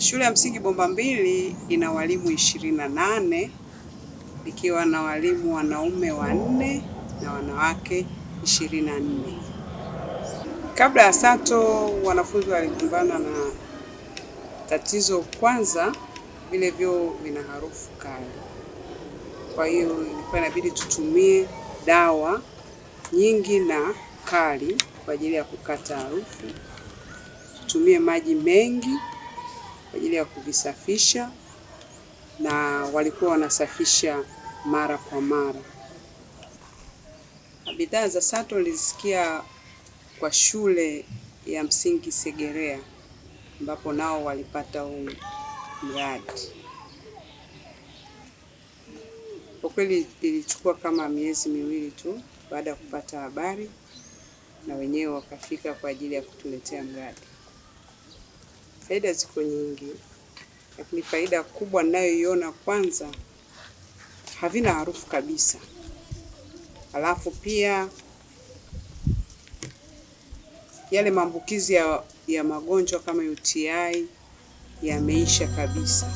Shule ya msingi Bomba mbili ina walimu ishirini na nane ikiwa na walimu wanaume wanne na wanawake ishirini na nne. Kabla ya SATO wanafunzi walikumbana na tatizo kwanza, vile vyoo vina harufu kali. Kwa hiyo ilikuwa inabidi tutumie dawa nyingi na kali kwa ajili ya kukata harufu, tutumie maji mengi ajili ya kuvisafisha na walikuwa wanasafisha mara kwa mara. Bidhaa za sato nilisikia kwa shule ya msingi Segerea ambapo nao walipata huu mradi. Kwa kweli ilichukua kama miezi miwili tu baada ya kupata habari, na wenyewe wakafika kwa ajili ya kutuletea mradi. Faida ziko nyingi, lakini faida kubwa ninayoiona kwanza, havina harufu kabisa, alafu pia yale maambukizi ya, ya magonjwa kama UTI yameisha kabisa.